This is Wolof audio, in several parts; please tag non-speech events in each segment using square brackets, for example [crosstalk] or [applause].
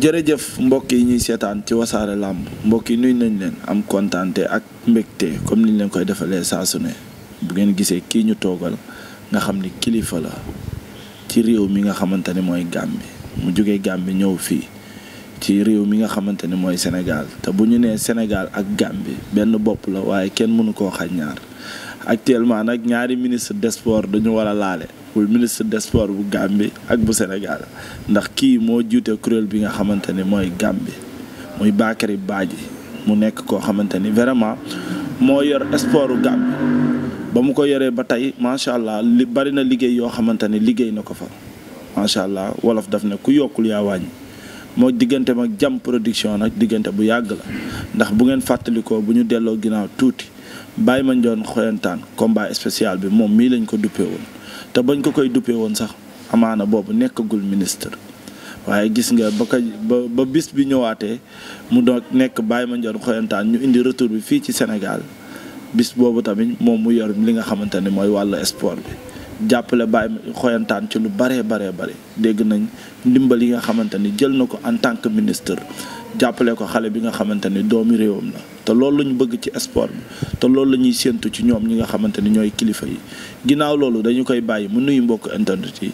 jërëjëf mbokk yi ñuy seetaan ci wasaare làmb mbokk yi nuyu nañ leen am kontaan ak mbégte comme niñ leen koy defalee saa su ne bu ngeen gisee kii ñu toogal nga xam ni kilifa la ci réew mi nga xamante ne mooy Gàmbi mu jógee Gàmbi ñëw fii ci réew mi nga xamante ne mooy Sénégal te bu ñu nee Sénégal ak Gàmbi benn bopp la waaye kenn mënu koo xaj ñaar actuellement nag ñaari ministre des dañu war a laale. muy ministre des sports bu Gambie ak bu Sénégal ndax kii moo jiite kuréel bi nga xamante ni mooy Gambie muy Bakary Badji mu nekk koo xamante ni vraiment moo yor sport bu Gambie ba mu ko yoree ba tey macha allah li bari na liggéey yoo xamante ni liggéey na ko fa macha allah wolof daf ne ku yokkul yaa wàññi moo diggante mag jam production nag diggante bu yàgg la ndax bu ngeen fàttalikoo bu ñu delloo ginnaaw tuuti bàyyi ma njoon xoyantaan combat spécial bi moom mii lañ ko duppee te bañ ko koy duppee woon sax amaana boobu nekkagul ministre waaye gis nga ba ko ba bis bi ñëwaatee mu doon nekk ma Mandione Khoyantane ñu indi retour bi fii ci Sénégal bis boobu tamit moom mu yor li nga xamante ne mooy wàll sport bi jàppale Baye Khoyantane ci lu baree baree bare dégg nañ ndimbal yi nga xamante ni jël na ko en tant que ministre jàppale ko xale bi nga xamante ni doomi réewam la te loolu la ñu bëgg ci sport bi te loolu la ñuy séentu ci ñoom ñi nga xamante ni ñooy kilifa yi ginnaaw loolu dañu koy bàyyi mu nuyu mbokk internet yi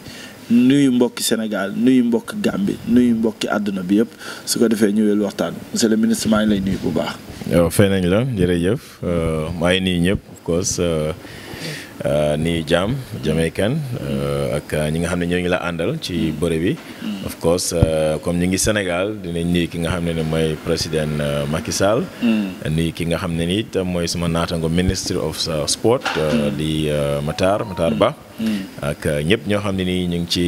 nuyu mbokki Sénégal nuyu mbokk Gambie nuyu mbokki àdduna bi yëpp su ko defee ñëwee waxtaan monsieur le ministre maa ngi nuyu bu baax. waaw fay nañ la jërëjëf euh, maa ngi nuyu ñëpp of course euh, euh, nuyu jaam Jamaïcain ak ñi nga xam ne ñoo ngi la àndal ci bëre bi. of course euh, comme ñu ngi Sénégal dinañ nuyu ki nga xam ne ni mooy président euh, Macky Sall. Mm. ki nga xam ne ni itam mooy suma naatango ministre of euh, sport. Mm. di Matar Matar Ba. Mm. ak ñëpp ñoo xam ne ni ñu ngi ci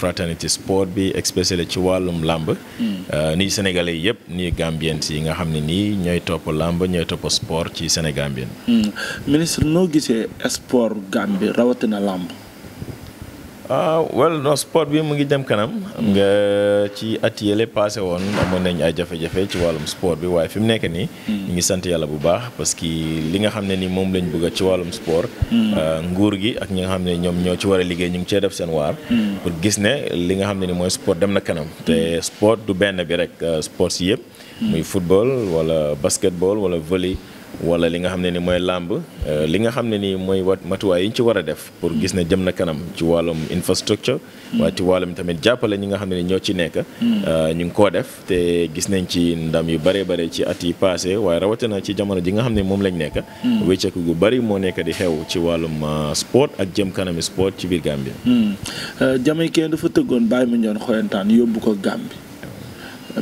fraternité sport bi spécialisé ci wàllum làmb. nuyu sénégalais yëpp nuyu Gambien yi nga xam ne nii ñooy topp làmb ñooy topp sport ci Sénégambien. ministre noo gisee sport Gambie rawatina làmb. ah well non sport bi mu ngi dem kanam. xam nga ci at yële passé woon amoon nañ ay jafe-jafe ci wàllum sport bi waaye fi mu nekk nii. Hmm. ñu ngi sant yàlla bu baax parce que li nga xam ne ni moom lañ bëgg ci wàllum sport. Hmm. Ah, nguur gi ak ñi nga xam ne ñoom ñoo ci war a liggéey ñu ngi cee def seen waar. Hmm. pour gis ne li nga xam ne ni mooy sport dem na kanam. te sport du benn bi rek ah, sport si yëpp. muy football wala basketball wala volley. wala li nga xam ne ni mooy làmb euh, li nga xam ne ni mooy wat matuwaay yi ñu ci war a def pour gis ne jëm na kanam ci wàllum infrastructure mm. waaye ci wàllum tamit jàppale ñi nga xam ne ni ñoo ci nekk mm. euh, ñu ngi koo def te gis nañ ci ndam yu bare bare ci at yi passé waaye rawatina ci jamono ji nga xam ne moom lañ nekk mm. wécceeku gu bari moo nekk di xew ci wàllum euh, sport ak jëm kanami sport ci biir Gambie Jamaïcain dafa tëggoon Baye Mandione xoyantaan yóbbu ko Gambie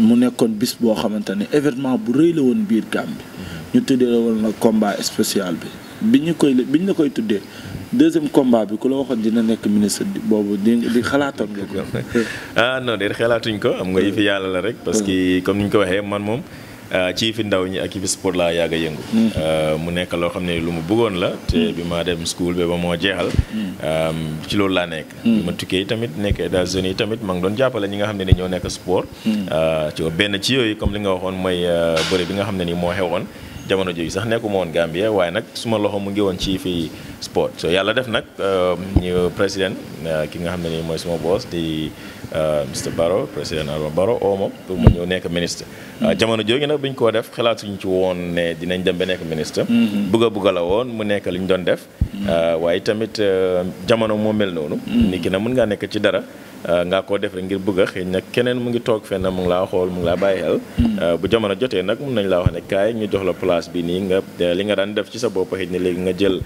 mu nekkoon bis boo xamante ne événement bu rëy la woon biir Gambie. Mhm. ñu tuddee la woon la combat spécial bi. bi ñu koy bi ñu la koy tuddee deuxième combat bi ku la waxoon dina nekk ministre boobu di di xalaatoon nga ko. [laughs] ah non de xalaatuñ ko am nga fi yàlla la rek. parce que comme ni ñu ko waxee man moom. Euh, ci fi ndaw ñi ak ci sport laa yàgg a yëngu. Mm. Euh, mu nekk loo xam ne lu mu bëggoon la te mm. bi ma dem school ba ba moo jeexal. Mm. Euh, ci loolu laa nekk. bi ma tukkee tamit nekk États-Unis tamit ma ngi doon jàppale ñi nga xam ne ni ñoo nekk sport. ci benn ci yooyu comme li nga waxoon mooy bëre bi nga xam ne ni moo xewoon. jamono jooju sax nekkuma woon Gambie waaye nag suma loxo mu ngi woon ci fii sport so yàlla def nag um, ñu président uh, ki nga xam ne nii mooy suma boos di uh, Mr Barrow président Adama Barrow oo moom pour mu ñëw nekk ministre. Uh, mm-hmm. jamono jooju nag bu ñu koo def xalaatuñu ci woon ne dinañ dem ba nekk ministre. bugg mm-hmm. bugga bugg la woon mu nekk li ñu doon def. Mm-hmm. waaye tamit jamono moo mel noonu. nit ki na mën ngaa nekk ci dara. Euh, nga koo def rek ngir bëgg a nag keneen mu ngi toog fenn mu ngi laa xool mu ngi laa bàyyi xel hmm. euh, bu jamono jotee nag mun nañ laa wax ne kaay ñu jox la place bi nga euh, li nga daan def ci sa bopp jël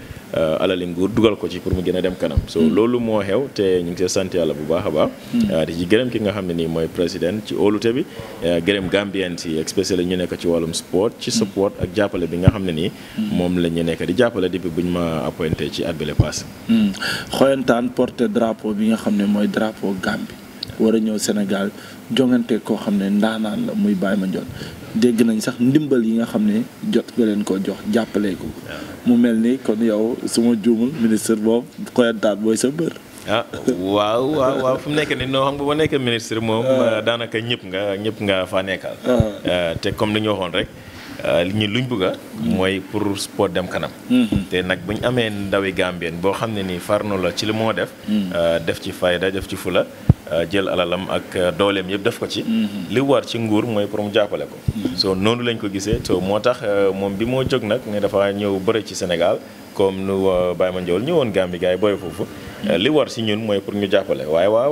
alali nguur dugal ko ci pour mu gën a dem kanam so hmm. loolu moo xew te ñu ngi see sant yàlla bu baax a baax hmm. di ci gërëm ki nga xam ne nii mooy président ci óolute bi gërëm Gambien si especially ñu nekk ci wàllum sport ci support ak jàppale bi nga xam ne nii moom la ñu nekk di jàppale depuis bu ñu ma appointé ci at bi nga xam ne mooy Gambie a ñëw Sénégal jongante koo xam ne ndaanaan la muy ma Mandione dégg nañ sax ndimbal yi nga xam ne jot nga leen ko jox jàppale ko mu mel ni kon yow suma juumul ministre boobu xoyantaan mooy sa mbër ah waaw waaw fu mu nekk nii noo xam nga boo nekkee ministre moom ah. daanaka ñëpp nga ñëpp nga fa nekkal ah. Ah, te comme li ñu waxoon rek Euh, ñi luñ bëgg a mooy pour sport dem kanam mm-hmm. te nag bu ñu amee ndawi Gambien boo xam ne nii farnu la ci li moo def mm-hmm. euh, def ci fayda def ci fula euh, jël alalam ak dooleem yëpp def ko ci mm-hmm. li war ci nguur mooy pour mu jàppale ko so noonu lañ ko gisee so moo tax moom bi moo jóg nag ne dafa ñëw bëre ci Sénégal comme nu Baye Mandione ñëwoon Gambie gars yi booy foofu Euh, li war si ñun mooy pour ñu jàppale waaye waaw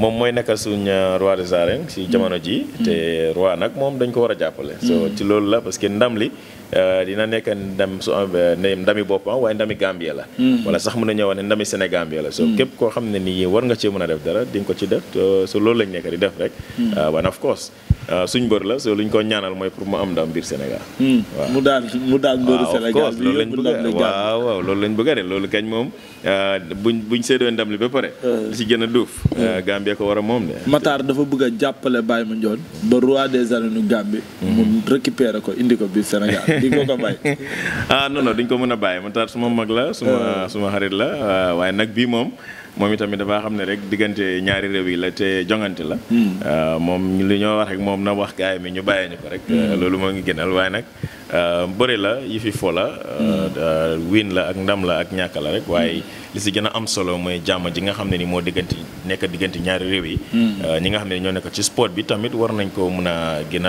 moom mooy nekkal suñ euh, roi des arènes si jamono ji mm-hmm. te roi nag moom dañ ko war a jàppale so mm-hmm. ci loolu la parce que ndam li euh, dina nekk ndam su ndami boppam waaye ndami Gambie la mm-hmm. wala sax mun a ñëw ne ndami Sénégambie la so képp koo xam ne nii war nga cee mën a def dara dañ ko ci def so loolu lañ nekk di def rek wan uh, of course waaw euh, suñ bër la so luñ ko ñaanal mooy pour mu am ndam biir Sénégal. Hmm. mu daan mu daan mbëru ah, Sénégal bi yóbbu ndam li loolu lañ bëgg a de loolu kañ moom euh, buñ buñ séddoo ndam li ba pare. Euh. li ci gën a duuf. Hmm. Gambie ko war a moom de. mataar dafa bëgg a jàppale mu Mandione ba roi des arènes Gambie. mu hmm. récupérer ko indi ko biir Sénégal di ko ko bàyyi. [laughs] ah non ko mën a bàyyi Matar suma mag la. suma suma xarit la waaye nag bii moom. moom itamit dafaa xam ne rek diggante ñaari réew yi la te jongante la. Hmm. Euh, moom li ñoo wax rek moom na wax gaay mi ñu bàyyee ñu ko rek. Hmm. Euh, loolu moo ngi gënal waaye nag. Euh, bëre la yi fi fola euh, euh, wiin la ak ndam la ak ñàkk la rek waaye li si gën a am solo mooy jàmm ji nga xam ne ni moo diggante nekk diggante ñaari réew yi hmm. ñi nga xam ne ñoo nekk ci sport bi tamit war nañ ko mën a gën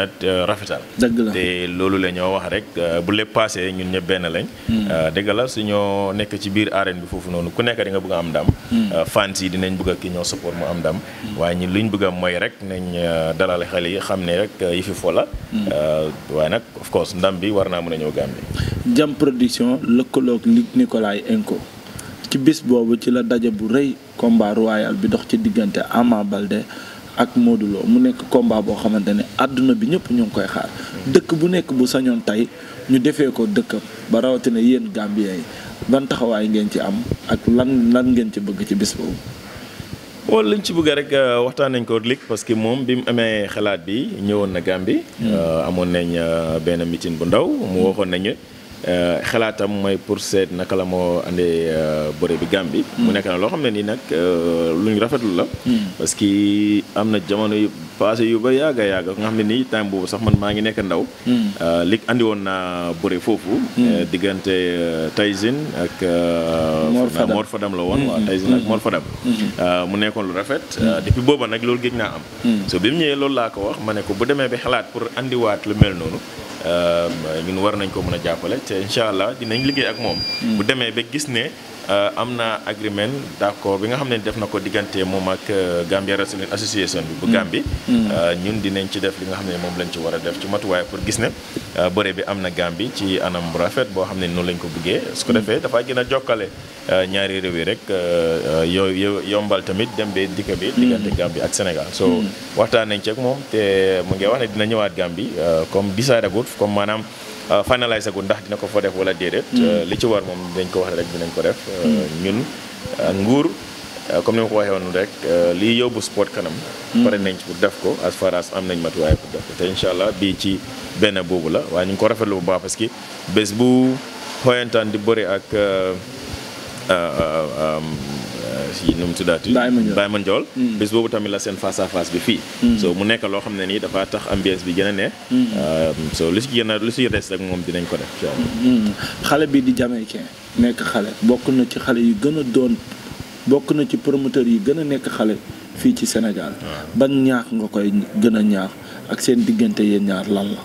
rafetal te loolu la ñoo wax rek bu lépp paase ñun ñëpp benn hmm. la su ñoo nekk ci biir arène bi foofu noonu ku nekk di nga bëgg am ndam hmm. fans yi dinañ bëgg ki ñoo support mu am ndam waaye ñi luñ bëgg am mooy rek nañ dalal xel yi xam ne rek yi fi fo la waaye nag of course ndam bi war naa mën a ñëw Gambie. Jam production lëkkaloog Luc Nicolaï Enco ci bis boobu ci la daje bu rëy combat royal bi dox ci diggante Ama Balde ak Modou mu nekk combat boo xamante ne àdduna bi ñëpp ñu ngi koy xaar. dëkk bu nekk bu sañoon tey ñu defee ko dëkkam ba rawatina yéen Gambien yi ban taxawaay ngeen ci am ak lan lan ngeen ci bëgg ci bis boobu. bon lañ ci bëgg rek euh, waxtaan nañ ko lig parce que moom bi mu amee xalaat bi ñëwoon na Gambie. Hmm. Euh, amoon nañ euh, benn meeting bu ndaw mu hmm. waxoon nañu xalaatam mooy pour seet naka la moo andee bore bi Gambie. mu hmm. nekk na loo xam ne nii nag luñ rafetlu la. parce que am na jamono yëpp passé yu ba yàgg a yàgg nga xam ne nii temps boobu sax man maa ngi nekk ndaw. Hmm. Euh, lig andi woon naa bëre foofu. diggante Tyson ak. Mor Fadam la woon waaw Tyson ak Mor Fadam. mu nekkoon lu rafet. Euh, hmm. depuis booba nag loolu gëj naa am. Hmm. so bi mu ñëwee loolu laa ko wax ma ne ko bu demee bi xalaat pour andiwaat lu mel noonu. Euh, ñun war nañ ko mën a jàppale te incha allah dinañ liggéey ak moom. bu demee ba gis ne. Euh, am na agreement d'accord bi nga xam ne def na ko diggante moom ak euh, Gambia Wrestling Association bi bu mm. Gambie mm. Euh, ñun dinañ ci def li nga xam ne moom lañ ci war a def ci matuwaay pour gis ne bëre bi am na Gambie ci anam bu rafet boo xam ne noonu lañ ko buggee su ko mm. defee dafaa gën a jokkale ñaari réew yi rek yooyu yombal tamit dem be dikk bi diggante Gambie ak Sénégal so waxtaan nañ ci ak moom te mu ngi wax ne dina ñëwaat Gambie comme decidé comme maanaam Euh, finaliser gu ndax dina ko fa def wala déedéet. Mm. Euh, li ci war moom dañ ko wax rek dinañ ko def. Euh, mm. ñun nguur comme ni ma ko waxee woon rek liy yóbbu sport kanam. Mm. pare nañ pour def ko as far am nañ matuwaay pour def ko te incha allah bii ci benn boobu la waaye ñu ngi ko rafetlu bu baax parce bés bu xoyantaan di bëri ak. ci nu mu tuddaati Baye Mandiol bis mm. boobu tamit la seen face à face bi fii mm. so mu nekk loo xam ne nii dafa tax ambiance bi gën a ne mm. um, so lu si gën a lu si des moom dinañ ko def xale bi di jamaïcain nekk xale bokk na ci xale yi gën a doon bokk na ci promoteur yi gën a nekk xale fii ci Sénégal ah. ban ñaax nga koy gën a ñaax ak seen diggante yéen ñaar lan la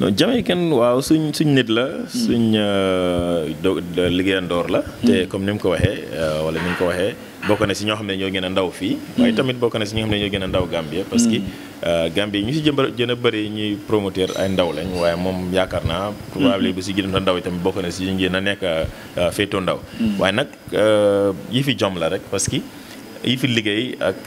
non kenn waaw suñ suñ nit la. suñ hmm. euh, liggéeyandoor la. Hmm. te comme ni mu ko waxee euh, wala ni mu ko waxee bokk na si ñoo xam ne ñoo gën a ndaw fii. Hmm. waaye tamit bokk na si ñoo xam ne ñoo gën a ndaw Gambie. parce que euh, Gambie ñu si jëm gën a bëri ñuy promoteur ay ndaw lañ waaye moom yaakaar naa. probablement bu si gën a ndaw yi bokk na si ñu gën a nekk féetoo ndaw. waaye nag yi fi jom la rek parce que yi fi liggéey ak.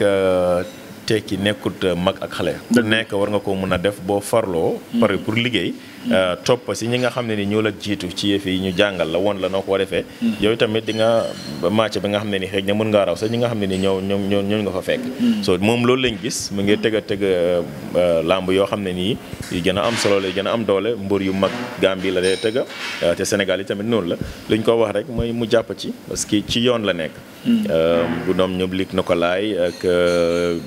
tekki nekkut euh, mag ak xale ku nekk war nga koo mën a def boo farloo hmm. pare pour liggéey euh, topp si ñi nga xam ne ni ñoo la jiitu ci yëf yi ñu jàngal la woon la noo ko defee hmm. yooyu tamit di nga match bi nga xam ne ni mën ngaa raw sax ñi nga xam ne ni ñoo ñoo ñoo nga fa fekk hmm. so moom loolu lañ gis mu ngi tëg a tëg euh, làmb yoo xam ne nii yu gën a am solo la yu gën a am doole mbër yu mag Gambie la dee tëga te Sénégal yi tamit noonu la luñ ko wax rek mooy mu jàpp ci parce que ci yoon la nekk bu ñoom ñoom lig na ko laay ak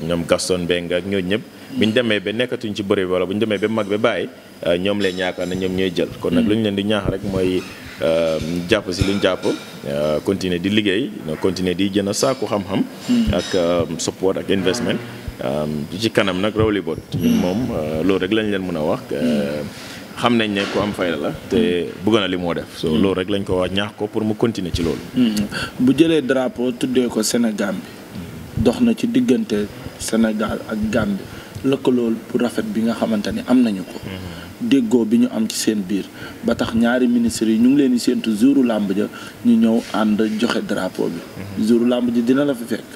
ñoom Gaston Mbengue ak ñooñu ñëpp bu demee ba nekkatuñ ci bëre bi wala bu demee ba mag ba bàyyi euh, ñoom lay ñaakaar na ñoom ñooy jël kon nag mm-hmm. lu ñu leen di ñaax rek mooy euh, jàpp si lu ñu jàpp euh, continuer di liggéey continuer di jënd saaku xam-xam mm-hmm. ak support ak investment ci kanam nag rawli bot mm-hmm. ñun moom loolu rek lañ leen mën a wax xam nañ ne ko am fayda la te bëgg na li moo def so loolu rek lañ ko wax ñaax ko pour mu continuer ci loolu bu jëlee drapeau tuddee Sénégal ak Gambie lëkkaloo bu rafet bi nga xamante ni am nañu ko. déggoo bi ñu am ci seen biir ba tax ñaari ministres yi ñu ngi leen di séntu jouru làmb ja ñu ñëw ànd joxe drapeau bi. Mhm. jouru làmb ji dina la fi fekk.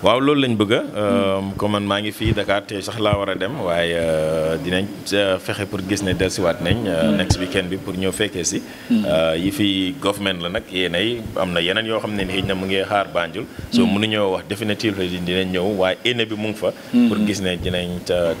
waaw loolu lañ bëgg euh, comme man maa ngi fii Dakar te sax laa war a dem waaye euh, dinañ euh, fexe pour gis ne delsiwaat nañ. Hmm. next weekend bi pour ñëw fekkee si. Hmm. yi fi government la nag yéenay am na yeneen yoo xam ne xëy na mu ngi xaar Banjul. soo hmm. mënuñoo wax définitivement dinañ ñëw waaye yéene bi mu fa. pour gis ne dinañ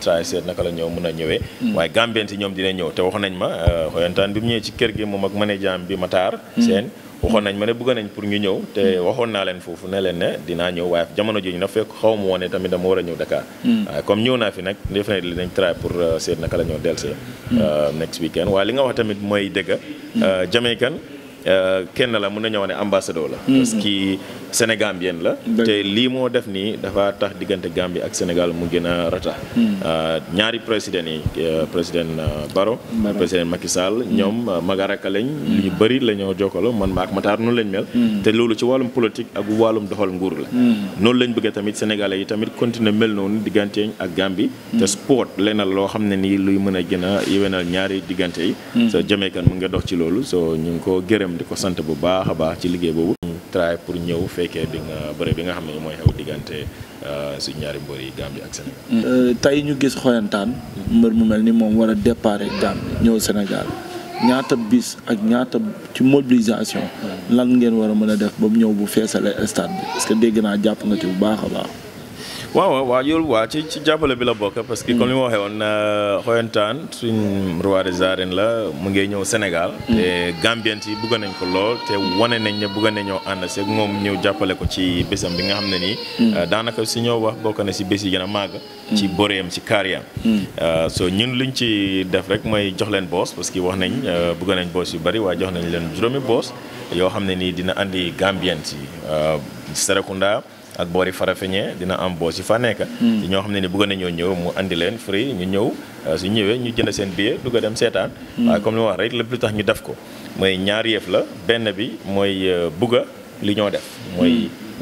try naka la ñëw mën a ñëwee. waaye Gambien si ñoom dinañ ñëw te wax nañ ma xoyantaan bi mu ñëwee ci kër gi moom ak manager bi ma taar seen. waxoon nañ ma ne bëgg nañ pour ñu ñëw te hmm. waxoon naa leen foofu ne leen ne dinaa ñëw waaye jamono jooju na fekk xaw ma woon ne tamit dama war a ñëw Dakar. Hmm. waaye comme ñëw naa fi nag def nañ nañ try pour euh, seet naka la ñoo dellusee. Hmm. Euh, next weekend waaye li nga wax tamit mooy dëgg. Euh, Jamaican. Euh, kenn la mën na wax ne ambassadeur la. Mm-hmm. parce que sénégambienne la. te lii moo def nii dafa tax diggante Gambie ak Sénégal mu gën a rata. Mm-hmm. Euh, ñaari président yi euh, président Barrow. président Macky Sall mm-hmm. ñoom magaraka lañ. bari bëri la ñoo jokkaloo man ma ak Matar noonu lañ mel. te loolu ci wàllum politique ak wàllum doxal nguur la. noonu lañ bëgg tamit sénégalais yi tamit continuer mel noonu digganteeñ ak Gambie. te sport lenn loo xam ne nii luy mën a gën a yéwénal ñaari diggante yi. soo jëmee kan mu nga ci loolu di ko sant bu baax a baax ci liggéey boobu. travail pour ñëw fekkee bi nga bëre bi nga xam ne mooy xew diggante euh, suñ ñaari mbër yi Gambie ak Sénégal. Euh, tey ñu gis xoyantaan mbër mu mel ni moom war a départ Gambie ñëw Sénégal ñaata bis ak ñaata ci mobilisation hmm. lan ngeen war a mën a def ba mu ñëw bu feesalee stade bi parce dégg naa jàpp nga ci bu baax a baax. waaw waaw waajur waa ci ci jàppale bi la bokk parce que comme mm. li ma waxee woon xoyantaan euh, suñ roi des arènes la mu ngi ñëw Sénégal. Mm. te Gambien yi bugg nañ ko lool te wane nañ ne bugg nañoo ànd seeg moom ñëw jàppale ko ci bésam bi nga xam ne nii. Mm. Euh, daanaka si ñoo wax bokk na si bés yi gën a màgg. ci boreem ci carrière am. Euh, so ñun luñ ci def rek mooy jox leen boos parce que wax nañ bugg nañ boos yu bari waaye jox nañ leen juróomi boos yoo xam ne nii dina andi Gambien yi Serekunda. ak boori Farafeñe dina am boos yi fa nekk. Hmm. ñoo xam ne ni bëgg nañoo ñëw mu indi leen frie ñu ñëw euh, su ñëwee ñu jënd seen billet dugg a dem seetaan. Hmm. waaye comme li wax rek lépp lu tax ñu def ko mooy ñaar yëf la benn bi mooy euh, bugga li ñoo def. Hmm. mooy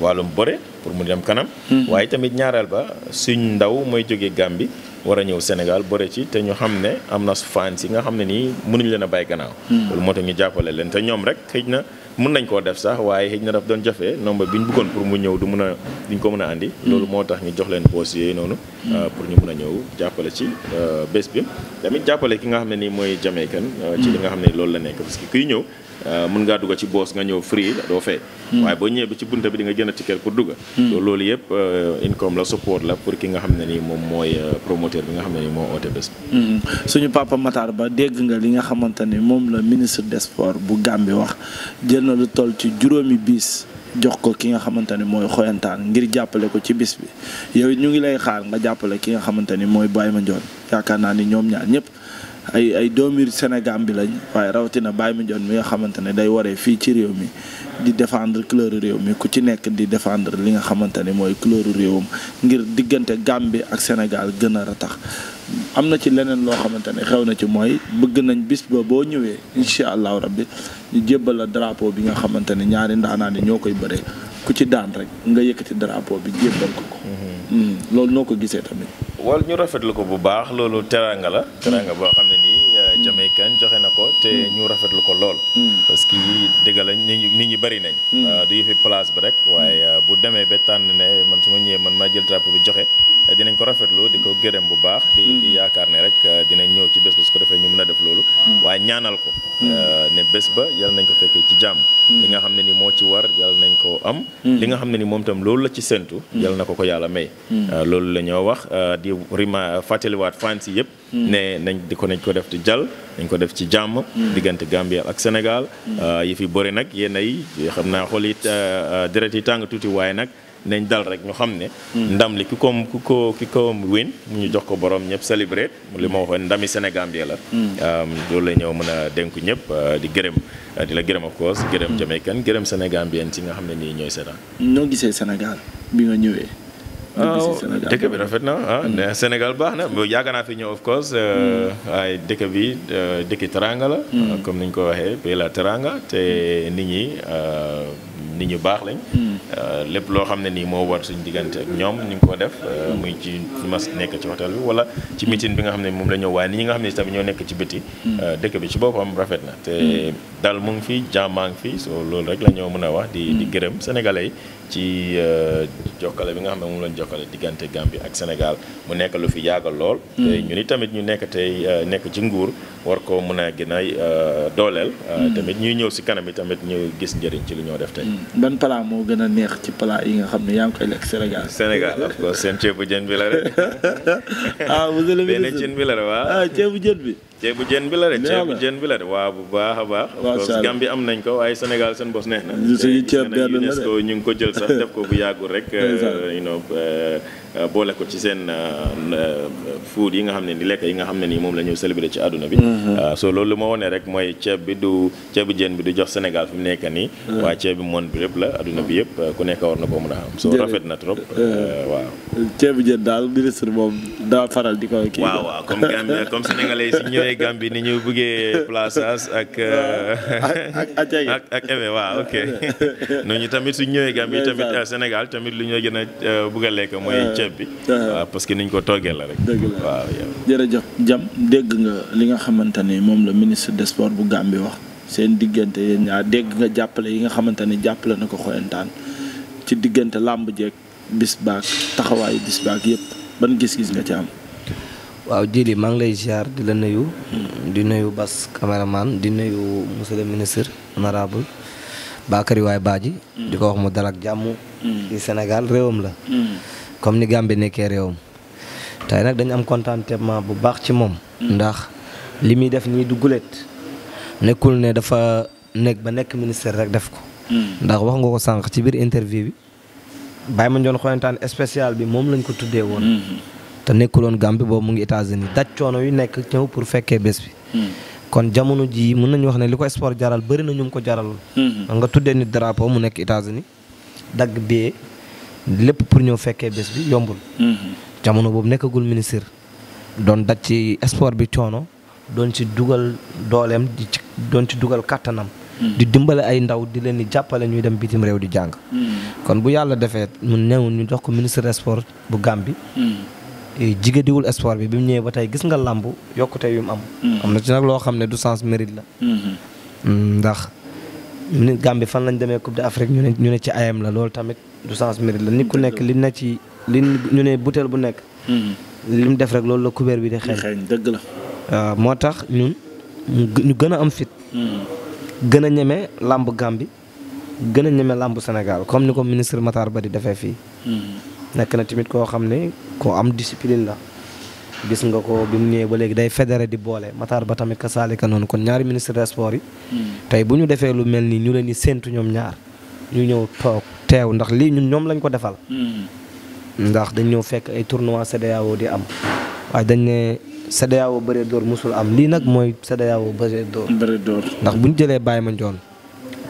wàllum bëre pour mu dem kanam. waaye tamit ñaareel ba suñ ndaw mooy jógee Gambie war a ñëw Sénégal bëre ci te ñu xam ne am na fans yi nga xam ne nii nuñ leen a bàyyi gannaaw. loolu moo tax ñu jàppale leen te ñoom rek xëy na. mën nañ koo def sax waaye xëy na daf doon jafe nombre bi ñu bëggoon pour mu ñëw du mun a duñ ko mën a andi. Mm. loolu moo tax ñu jox leen bourses yooyu noonu. Mm. Euh, pour ñu mun a ñëw jàppale ci euh, bés bi. tamit jàppale ki nga xam ne nii mooy Jamaïcain. Euh, ci li nga xam ne loolu la nekk parce que ñëw. Euh, mën ngaa dugg ci boos nga ñëw free doo fay. Hmm. waaye boo ñëwee ba ci bunta bi di nga jënd ticket pour dugg. Hmm. loolu yëpp euh, income la support la pour ki nga xam ne nii moom mooy euh, promoteur bi nga xam ne nii moo oote bés. Hmm. suñu papa Ba dégg nga li nga xamante ni moom la ministre des sports bu Gambie wax jën na lu toll ci juróomi bis. jox ko ki nga xamante ni mooy xoyantaan ngir jàppale ko ci bis bi yow ñu ngi lay xaar nga jàppale ki nga xamante ni mooy ma Mandione yaakaar naa ni ñoom ñaar ñëpp ay ay doomi Sénégal bi lañ waaye rawatina Baye Mandione mi nga xamante ne day waree fii ci réew mi di defendre couleur réew mi ku ci nekk di défendre li nga xamante ne mooy couleur réewam ngir diggante Gambie ak Sénégal gën a ratax am na ci leneen loo xamante ne xew na ci mooy bëgg nañ bis ba boo ñëwee incha allahu rabbi ñu jébbal la drapeau bi nga xamante ne ñaari ndaanaan yi ñoo koy bëree ku ci daan rek nga yëkkati drapeau bi jébbal ko ko. Mm-hmm. Mm, loolu noo ko gisee tamit. wala ñu rafetlu ko bu baax loolu teraanga jamaïcaine joxe na ko te hmm. ñu rafetlu ko lool. Hmm. parce que dëgg la nit ñi nit ñi bëri nañ. Hmm. Ah, du yëfi place bi rek. waaye ah, bu demee ba tànn ne man su ma ñëwee man maa jël drapeau bi joxe. dinañ ko rafetlu di ko gërëm bu baax di mm-hmm. yaakaar ne rek euh, dinañ ñëw ci bés ba su ko defee ñu mën a def loolu mm-hmm. waaye ñaanal ko mm-hmm. euh, ne bés ba yal nañ ko fekkee ci jàmm li nga xam ne ni moo ci war yàlla nañ ko am li xam ne ni moom itam loolu la ci séntu yàlla na ko ko yàlla may euh, loolu la ñoo wax di rima fàttaliwaat fans yi yëpp ne nañ di ko nañ ko def ci jàll nañ ko def ci jàmm diggante Gambia ak Sénégal yi fi bëri nag yéen ay xam naa xool it deret yi tàng tuuti waaye nag nañ dal rek ñu xam ne. Mm. ndam li ki ko ki ko ki ko win mu ñu jox ko boroom ñëpp célébrer li moo waxoon ndami Sénégal bi la. Mm. Um, loolu la ñëw mën a dénku ñëpp uh, di gërëm uh, di la gërëm of course gërëm kenn mm. gërëm Sénégal bi ci nga xam ne nii ñooy seetaan. noo gisee Sénégal bi nga ñëwee. Ah, bi rafet na ah Sénégal baax na yàgg naa fi ñëw of course waaye uh, dëkk bi dëkki teranga comme ni ko waxee pays teranga te nit ñi nit ñu baax lañ Euh, lépp loo xam ne nii moo war suñu diggante ak ñoom ñu ngi ko def euh, muy ci mas nekk ci hôtel bi wala ci mitin bi nga xam ne moom la ñëw waaye ni ñi nga ne tamit ñoo nekk ci euh, hmm. dëkk bi ci boppam rafet te hmm. daal mu ngi fi jàmmaa ngi fi soo loolu rek la ñoo mën a wax di di hmm. gërëm sénégalais yi ci jokkale bi nga xam ne moom lañ jokkale diggante Gambie ak Sénégal mu nekk lu fi yàggal lool te ñun tamit ñu nekk tey nekk ci nguur war koo mën a gën a dooleel tamit ñuy ñëw si kanam bi tamit ñu gis njëriñ ci lu ñoo def tey a neex ci plat yi nga xam ne yaa ngi koy lekk Sénégal. Sénégal sen seen ceebu jën bi la rek. [laughs] ah monsieur le ah, jën bi la rek waaw. ah jën bi. ceebu jën bi la de ceebu jën bi la de waaw bu baax a baax parce que Gambie am nañ ko waaye Sénégal seen bos neex na UNESCO ñu ngi ko jël sax def ko bu yàggul rek [laughs] euh, you know euh, boole ko ci seen euh, food yi nga xam ne ni lekk yi nga xam ne nii moom la ñu célébré ci àdduna bi mm-hmm. so loolu lu ma wone rek mooy ceeb bi du ceebu jën bi du jox Sénégal fi mu nekk nii mm-hmm. waaye ceeb bi monde bi yëpp la àdduna bi yëpp ku nekk war na ko mën a am so rafet na trop waaw ceebu jën daal ministre moom daa faral di ko kii waaw waaw comme Gambie comme Sénégalais yi xale Gambie ni ñu buggee plaças [laughs] euh, ak. ak ak ak ewe ok. [laughs] ñooñu tamit suñ ñëwee Gambie tamit euh, Sénégal tamit lu ñu gën a euh, bëgg a lekk mooy ceeb bi. waaw parce que niñ ko toggee la rek. dëgg jërëjëf Jam dégg nga li nga xamante ni moom la ministre de sports bu Gambie wax seen diggante yéen ñaar dégg nga jàppale yi nga xamante ni jàppale na ko xoyantaan ci diggante làmb jeeg bis baak taxawaayu bis baak yëpp ban gis-gis nga ci am. waaw Djily maa ngi lay ziar di la nuyu di nuyu Bas caméraman di nuyu monsieur le ministre honorable Bakary Waye di ko wax mu dal ak jàmm ci Sénégal réewam la comme ni Gambie nekkee réewam tey nag dañu am contentement bu baax ci moom ndax li muy def nii du guléet nekkul ne dafa nekk ba nekk ministère rek def ko ndax wax nga ko sànq ci biir interview bi Baye Mandione Xoyantaan spécial bi moom lañ ko tuddee woon te nekkuloon Gambie boobu mu ngi États-Unis daj coono yu nekk ñëw pour fekkee bés bi. Hmm. kon jamono jii mun nañu wax ne li ko sport jaral bëri na ñu ko jaral. Hmm. nga tuddee ni drapeau mu nekk États-Unis dagg bee lépp pour ñëw fekkee bés bi yombul. Hmm. jamono boobu nekkagul ministre doon daj ci sport bi coono doon ci dugal doolem di ci dugal kattanam di dimbale ay ndaw di leen di jàppale ñuy dem bitim réew di jàng. kon bu yàlla defee mu néew ñu jox ko ministre des sports bu Gambie. Eh, jigéediwul espoir bi bi mu ñëwee ba tey gis nga làmb yokkute yu mu am. Mm-hmm. am na ci nag loo xam ne du sens mérite la. Mm-hmm. Mm, ndax nit Gambie fan lañ demee Coupe d'Afrique ñu ne ñu ne ci ayam la loolu tamit du sens mérite la nit ku nekk li na ci li ñu ne butéel bu nekk. Mm-hmm. li mu def rek loolu la couvert bi di xeeñ. dëgg la. Ah, moo tax ñun ñu gën a am fit. gën a ñeme làmb Gambie gën a ñeme làmb senegal comme ni ko ministre Matar Ba di defee fii. nekk na tamit koo xam ne koo am discipline la gis nga ko bi mu ñëwee ba léegi day fédéré di boole Matar Ba tamit ka saalika noonu kon ñaari ministre des sports yi hmm. tey bu ñu defee lu mel nii ñu leen di séntu ñoom ñaar ñu ñëw toog teew ndax lii ñun ñoom lañ ko defal hmm. ndax dañ ñëw fekk ay tournoi CEDEAO di am waaye dañ ne CEDEAO bëree door musul am lii nag mooy CEDEAO bëree door ndax bu ñu jëlee Baye Mandione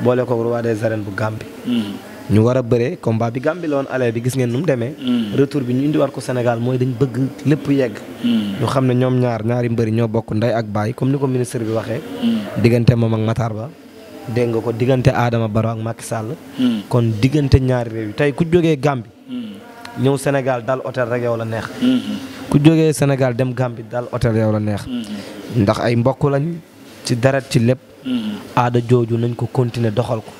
boole ko roi des arènes bu Gambie hmm. ñu war a bëree combat bi Gambie la woon aller bi gis ngeen nu mu demee. Mm. retour bi ñu indiwaat ko Sénégal mooy dañ bëgg lépp yegg. Mm. ñu xam ne ñoom ñaar ñaari mbëri ñoo bokk ndey ak baay comme ni ko ministre bi waxee. Mm. diggante moom ak Matar Ba. dégg nga ko diggante aadama Barrow ak Macky Sall. kon diggante ñaari réew yi tey ku jógee Gambie. ñëw senegal dal hôtel rek yow la neex. Mm-hmm. ku jógee senegal dem Gambie dal hôtel yow la neex. Mm-hmm. ndax ay mbokk lañ ci deret ci lépp. Mm-hmm. aada jooju nañ ko continuer doxal ko.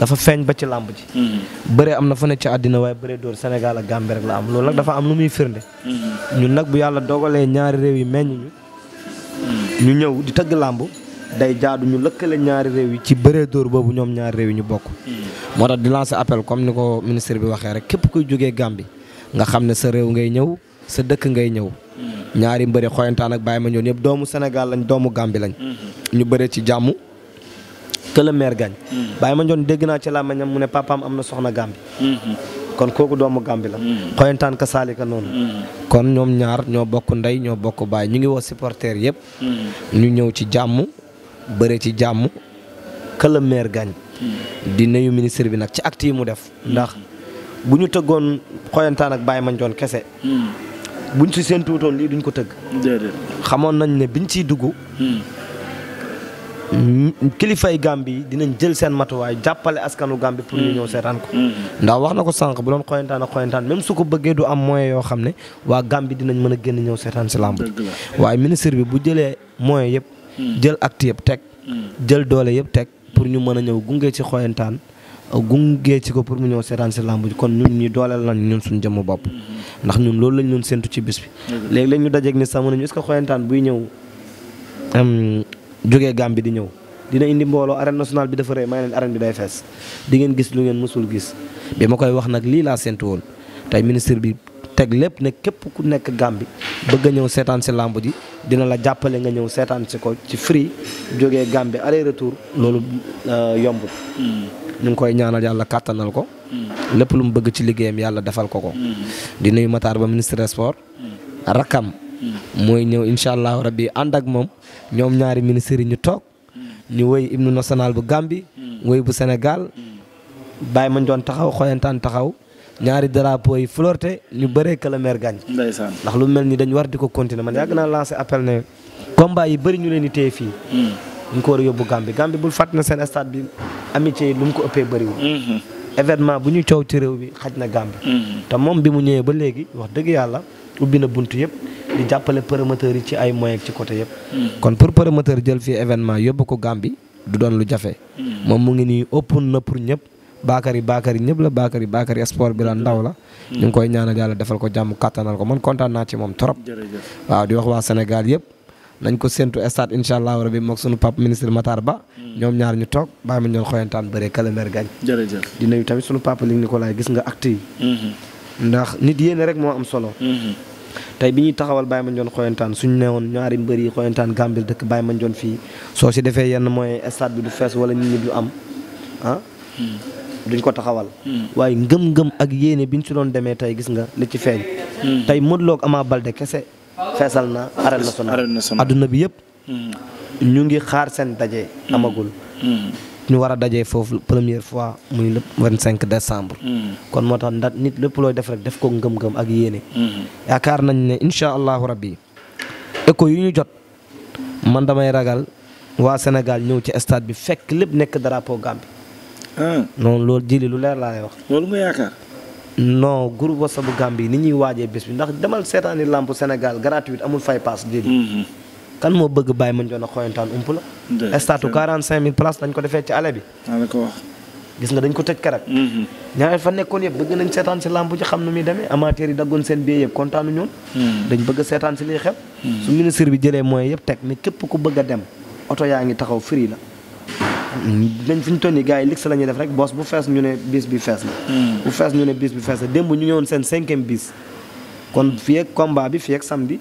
dafa feeñ ba ci làmb ji. Mm-hmm. bëre am na fa ne ci àddina waaye bëre dóor Sénégal ak Gambie rek la am loolu nag dafa am lu muy firnde. Mm-hmm. ñun nag bu yàlla dogalee ñaari réew yi meññ mm-hmm. ñu. ñëw di tëgg làmb day jaadu ñu lëkkale ñaari réew yi ci bëre dóor boobu ñoom ñaari réew yi ñu bokk. moo tax di lancer appel comme ni ko ministre bi waxee rek képp kuy jógee gàmbi nga xam ne sa réew ngay ñëw sa dëkk ngay ñëw. ñaari mbëri xoyantaan ak bàyyi ma ñoon yëpp doomu Sénégal doomu Gambie lañ. que le maire gagne. dégg naa ci làmbañam mu ne papaam am na soxna Gàmbi. kon kooku doomu Gàmbi la. xoyantaan ka saalika noonu. kon ñoom ñaar ñoo bokk ndey ñoo bokk baay ñu ngi woo supporters yëpp. ñu ñëw ci jàmm bëre ci jàmm que le maire gagne. di nuyu ministre bi nag ci acte mu def. ndax bu ñu tëggoon xoyantaan ak Baye Mandione kese. buñ ci seen tuutoon lii duñ ko tëgg. xamoon nañ ne biñ ciy dugg. Hmm. kilifay Gambie dinañ jël seen matuwaay jàppale askanu Gambie pour ñu mm. ñëw seetaan ko. Mm. ndax wax na ko sànq bu doon xoyantaan ak xooyantaan même su ko bëggee du am moyen yoo xam ne waa Gambie dinañ mën a génn ñëw seetaan si làmb waaye ministre bi bu jëlee moyen yëpp. Mm. jël acte yëpp teg. jël doole yëpp teg pour ñu mën a ñëw gungee ci xoyantaan gunge ci ko pour mu ñëw seetaan si làmb kon ñun ñuy dooleel nañ ñun suñ jëmm bopp. Mm-hmm. ndax ñun loolu lañ doon séntu ci bis bi. léegi lañ ñu jógee Gambie di ñëw dina indi mbooloo arène nationale bi dafa rëy may leen arène bi day fees di ngeen gis lu ngeen mësul gis bi ma koy wax nag lii laa séntu woon tey ministre bi teg lépp ne képp ku nekk Gambie bëgg a ñëw seetaan si làmb ji dina la jàppale nga ñëw seetaan si ko ci frie jógee Gambie aller retour loolu euh, yombul. Hmm. ñu ngi koy ñaanal yàlla kàttanal ko. Hmm. lépp lu mu bëgg ci liggéeyam yàlla defal ko ko. Hmm. di nuyu Matar ba ministre des sports. mooy ñëw incha ànd ak moom. ñoom ñaari ministres yi ñu toog ñu woy hymne national bu Gambie woy bu senegal baay ma doon taxaw xoyantaan taxaw ñaari drapeau yi flirté ñu bëree que le maire gagne ndax lu mel ni dañ war di ko continuer man yàgg naa lancé appel ne combat yi bëri ñu leen di téye fii mm. ñu ko war a yóbbu Gambie Gambie bul fàtt na seen stade bi amitié yi lu mu ko ëppee bëriwul mm-hmm. événement bu ñu coow ci réew bi xaj na Gambie mm-hmm. te moom bi mu ñëwee ba léegi wax dëgg yàlla ubbi na bunt yëpp di jàppale promoteur yi ci ay moyens ci côté yëpp. Hmm. kon pour promoteur jël fii événement yóbbu ko Gambie du doon lu jafe. Hmm. moom mu ngi nii open na pour ñëpp. Bakary Bakary ñëpp la Bakary Bakary sport bi la ndaw la. Hmm. ñu ngi koy ñaanal yàlla defal ko jàmm kattanal ko man kontaan naa ci moom trop. waaw di wax waa Sénégal yëpp. nañ ko séntu stade incha allah rabi moog sunu pap ministre Matar Ba. ñoom ñaar ñu toog bàyyi ma ñoon xoyantaan bëree kalameer gañ. jërëjëf di nuyu tamit sunu papa li ñu ko laay gis nga moo am solo. tey bi ñuy taxawal Baye Mandione xoyantaan suñu ne woon ñaari mbër yi xoyantaan Gambie dëkk Baye Mandione fii soo si defee yenn mooy stade bi du fees wala nit lu am ah, duñ ko taxawal waaye ngëm-ngëm ak yéene bi ñu si doon demee tey gis nga li ci feeñ tey Modou Lo ak kese feesal na arène nationale adduna bi yëpp hmm. ñu ngi xaar seen daje hmm. amagul hmm. ñu war a dajee foofu première fois muy lépp le 25 décembre. Mm. kon moo tax ndax nit lépp looy def rek def ko ngëm-ngëm ak yéene. Mm. yaakaar nañ ne incha allahu rabbi écho yu ñu jot man damay ragal waa Sénégal ñëw ci stade bi fekk lépp nekk drapeau Gambie. Ah. noonu loolu jili lu leer laa lay wax. loolu nga yaakaar. non groupe WhatsApp bu Gambie ni ñuy waajee bés bi ndax demal seetaani làmp Sénégal gratuite amul fay paas jili mm-hmm. kan moo bëgg bàyyi mën joon a xooyantaan ump la statu 45000 places dañ ko defee ci ale bi gis nga dañ ko tëj keroog mhm. ñaareel fa nekkoon yëpp bëgg nañ seetaan si làmb ji xam nu muy deme amateur yi daggoon seen biee yëpp kontaanu ñoon mhm. dañ bëgg seetaan si liy xew mhm. su ministre bi jëlee mooy yëpp teg ni képp ku bëgg a dem oto yaa ngi taxaw free la dañ fi ñu toll nii gars yi ligsa la ñuy def rek boos bu fees ñu ne bis bi fees na bu fees ñu ne bis bi fees na démb ñu ñëwoon seen cinquième bis kon fii ak combat bi fii ak samedi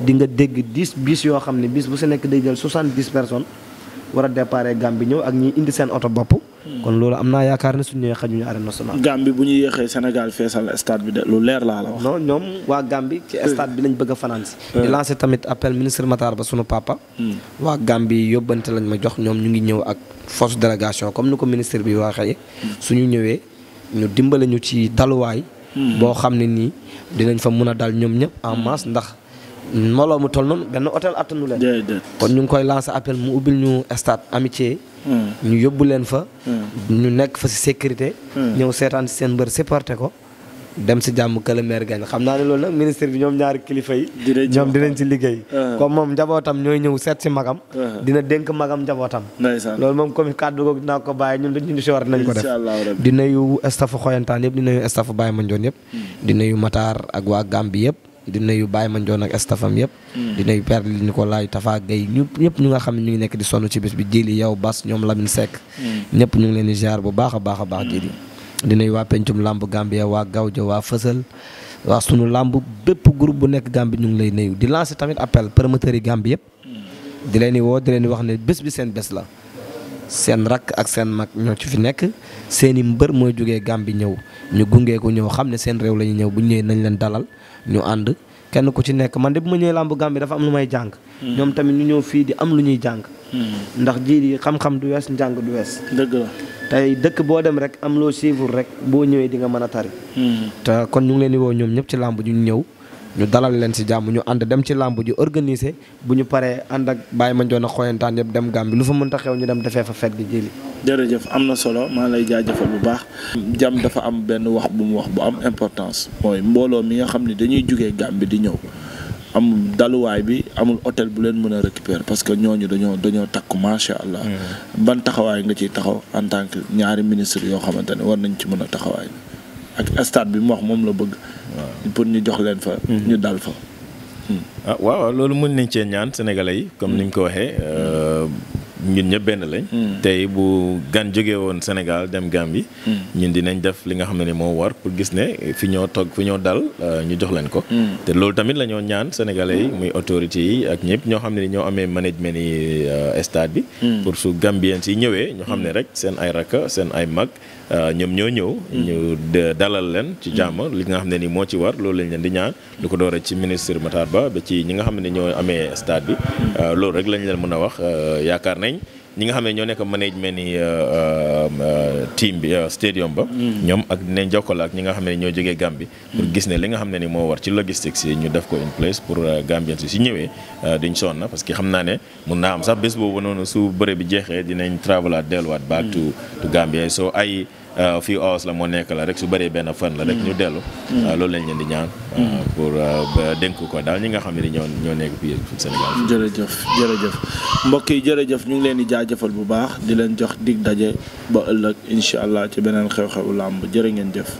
di nga dégg 10 bis yoo xam ne bis bu si nekk day jël 70 personnes war a départ Gambie ñëw ak ñi indi seen oto bopp. kon loolu am naa yaakaar ne suñu ñëwee xajuñu arène nationale. Gambie bu ñu yéexee Sénégal feesal stade bi de lu leer laa la wax. ñoom waa Gambie ci stade bi lañ bëgg a fanaan si. di lancé tamit appel ministre Matar Ba sunu papa. Hmm. waa Gambie yóbbante lañ ma jox ñoom ñu ngi ñëw ak force délégation comme ni ko ministre bi waxee. Hmm. suñu ñëwee ñu dimbale ñu ci daluwaay. Hmm. boo xam ne nii dinañ fa mun a dal ñoom ñëpp en masse ndax. mbooloo mu toll noonu benn hôtel attanu leen. kon ñu ngi koy lancer appel mu ubbil ñu stade amitié. Hmm. ñu yóbbu leen fa. Hmm. ñu nekk fa si sécurité. Hmm. ñëw seetaan si seen mbër supporté ko. dem si jàmm kële maire gañ xam naa ne loolu nag ministre bi ñoom ñaari kilifa yi. ñoom dinañ ci liggéey. comme moom njabootam ñooy ñëw seet si magam. dina dénk magam njabootam. loolu moom comme kàddu googu dinaa ko bàyyi ñun dañu ñu si war nañ ko def. di nuyu staff xoyantaan yëpp di nuyu staff Baye Mandione yëpp. di nuyu Matar ak waa Gambie yëpp. di baay ma Mandione ak stafam yëpp. Mm. di nuyu Père Nicolas Tafa Gueye ñëpp ñëpp ñu nga xam ne ñu ngi nekk di sonn ci bis bi jëli yow Bas ñoom Lamine Seck. Mm. ñëpp ñu ngi leen di ziar bu baax baax baax jëli. Mm. di nuyu waa pencum làmb Gambia waa Gawja waa Fësal waa sunu làmb bépp groupe bu nekk Gambie ñu ngi lay nuyu di lancer tamit appel promoteurs yi Gambie yëpp. di leen di woo di leen di wax ne bés bi seen bés la. seen rakk ak seen mag ñoo ci fi nekk seen i mbër mooy jógee Gambie ñëw ñu gungee ko ñëw xam ne seen réew la ñu ñëw bu ñëwee nañ leen dalal ñu ànd kenn ku ci nekk man de bu ma ñëwee làmb Gambie dafa am lu may jàng. Hmm. ñoom tamit ñu ñëw fii di am lu ñuy jàng. Hmm. ndax ji di xam-xam du wees njàng du wees. dëgg la tey dëkk boo dem rek am loo suivre rek boo ñëwee di nga mën a tari. Hmm. te kon ñu ngi leen di woo ñoom ñëpp ci làmb ñu ñëw. ñu dalal leen si jàmm ñu ànd dem ci làmb ji organiser bu ñu paree ànd ak bàyyi ma njoon a xoyantaan yëpp dem Gàmbi lu fa mënta xew ñu dem defee fa fet gi jëli jërëjëf am na solo maa lay jaajëfal bu baax jàmm dafa am benn wax bu mu wax bu am importance mooy mbooloo mi nga xam ne dañuy jugee Gàmbi di ñëw am daluwaay bi amul hôtel bu leen mën a récupérer parce que ñooñu dañoo dañoo takku macha allah. Mm. ban taxawaay nga ciy taxaw en tant que ñaari ministre yoo xamante ne war nañ ci mën a taxawaay. ak stade bi mu wax moom la bëgg. pour ñu jox leen fa. Mhm. ñu dal fa. ah waaw loolu mën nañ cee ñaan sénégalais yi comme ni ñu ko waxee. Euh, ñun ñëpp benn lañ. Hmm. tey bu gan jógee woon Sénégal dem Gambie. Hmm. ñun dinañ def li nga xam ne ni moo war pour gis ne fi ñoo toog fi ñoo dal euh, ñu jox leen ko. Hmm. te loolu tamit lañoo ñaan sénégalais yi muy autorités yi ak ñëpp ñoo xam ne ni ñoo amee management yi euh, stade bi. pour su Gambiens yi ñëwee ñu xam ne rek seen ay rakka seen ay mag euh, ñoom ñoo ñëw. ñu dalal leen ci jàmm li nga xam ne ni moo ci war loolu lañ leen di ñaan lu ko dooree ci ministre Matar Ba ba ci ñi nga xam ne ñoo amee stade bi. loolu rek lañ leen mën a wax yaakaar nañ ñi nga xam ne ñoo nekk management ni euh, euh, euh, team bi stadium ba. Mm. ñoom ak dinañ jokkoo ak ñi nga xam ne ñoo jógee Gambie. pour mm. gis ne li nga xam ne ni moo war ci logistics yi ñu def ko in place pour Gambien si si ñëwee duñ sonna parce que xam naa ne mun naa am sax bés boobu noonu su bëre bi jeexee dinañ travel at delluwaat back to to soo ay. Euh, fii oos la moo nekk la rek su bëree benn fan la rek ñu dellu mm. euh, loolu lañ leen di ñaan euh, mm. pour dénk ko daal ñi nga xam ne ni ñoo ñoo nekk fii Sénégal jërëjëf jërëjëf mbokk yi jërëjëf ñu ngi leen di jëfal bu baax di leen jox dig daje ba ëllëg incha allah ci beneen xew-xewu làmb jërë ngeen jëf